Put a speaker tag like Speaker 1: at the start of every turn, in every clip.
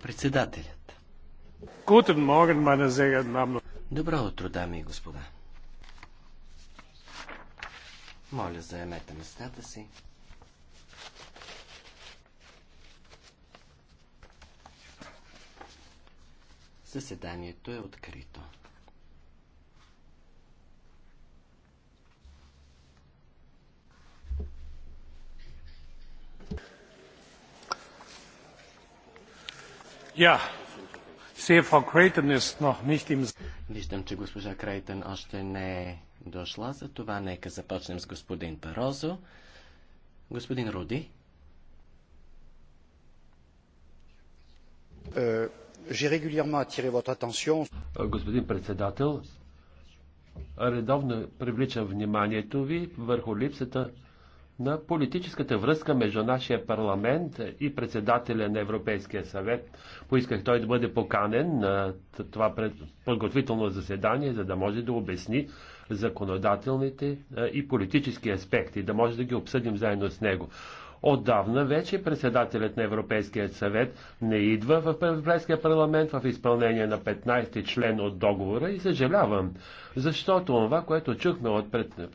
Speaker 1: Председателят. Добро утро, дами и господа. Моля, заемете местата си. Заседанието е открито. Виждам, че госпожа Крейтън още не е дошла, за това нека започнем с господин Парозо. Господин Руди.
Speaker 2: Е, е, господин председател, редовно привличам вниманието ви върху липсата на политическата връзка между нашия парламент и председателя на Европейския съвет. Поисках той да бъде поканен на това подготвително заседание, за да може да обясни законодателните и политически аспекти, да може да ги обсъдим заедно с него. Отдавна вече председателят на Европейския съвет не идва в Европейския парламент в изпълнение на 15-ти член от договора и съжалявам, защото това, което чухме от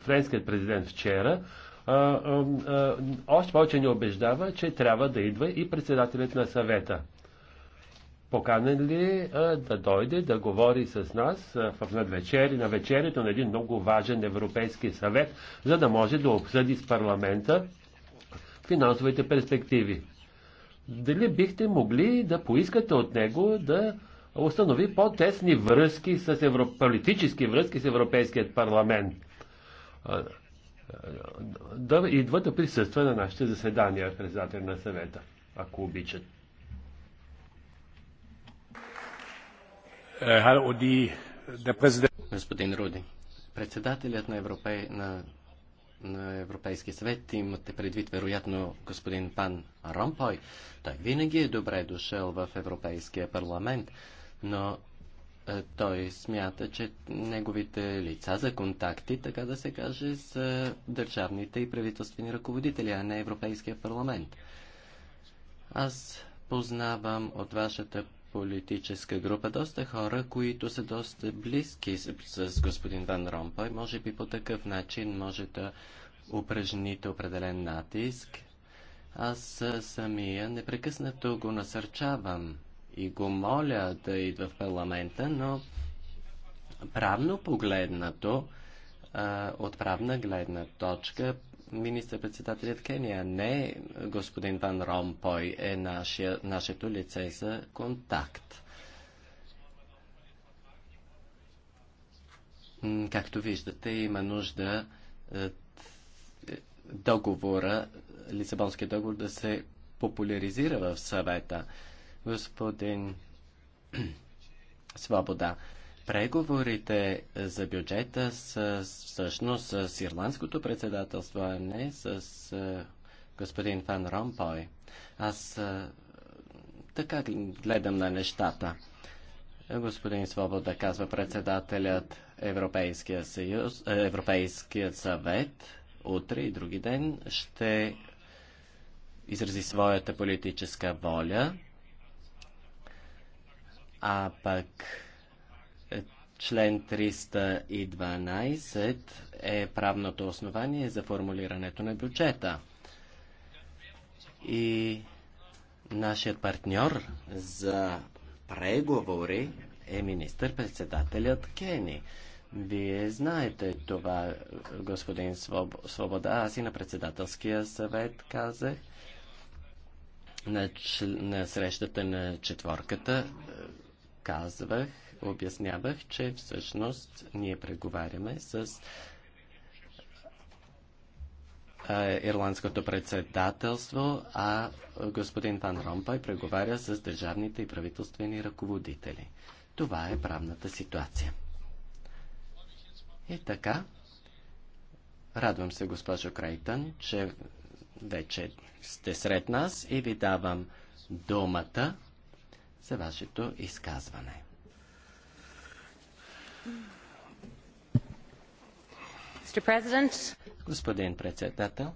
Speaker 2: френският президент вчера, още повече ни убеждава, че трябва да идва и председателят на съвета. Поканен ли да дойде да говори с нас в надвечери, на вечерието на един много важен Европейски съвет, за да може да обсъди с парламента финансовите перспективи? Дали бихте могли да поискате от него да установи по-тесни връзки с европ... политически връзки с Европейският парламент? да идва да присъства на нашите заседания председател на съвета, ако обичат. Е,
Speaker 1: господин Руди, председателят на, Европе... на... на Европейски съвет, имате предвид вероятно господин Пан Ромпой, той винаги е добре дошъл в Европейския парламент, но е, той смята, че неговите лица за контакти, така да се каже, са държавните и правителствени ръководители, а не Европейския парламент. Аз познавам от вашата политическа група доста хора, които са доста близки с, с господин Ван Ромпой. Може би по такъв начин може да упражните определен натиск. Аз самия непрекъснато го насърчавам и го моля да идва в парламента, но правно погледнато, от правна гледна точка, министър-председателят Кения, не господин Ван Ромпой е нашия, нашето лице за контакт. Както виждате, има нужда е, договора, Лисабонския договор да се популяризира в съвета господин Свобода. Преговорите за бюджета са всъщност с ирландското председателство, а не с господин Фан Ромпой. Аз така гледам на нещата. Господин Свобода казва председателят Европейския съюз, Европейският съвет утре и други ден ще изрази своята политическа воля а пък е, член 312 е правното основание за формулирането на бюджета. И нашият партньор за преговори е министър-председателят Кени. Вие знаете това, господин Свобода. Аз и на председателския съвет казах на, на срещата на четворката казвах, обяснявах, че всъщност ние преговаряме с ирландското председателство, а господин Ван Ромпай преговаря с държавните и правителствени ръководители. Това е правната ситуация. И така, радвам се, госпожо Крейтън, че вече сте сред нас и ви давам думата за вашето изказване. Господин председател,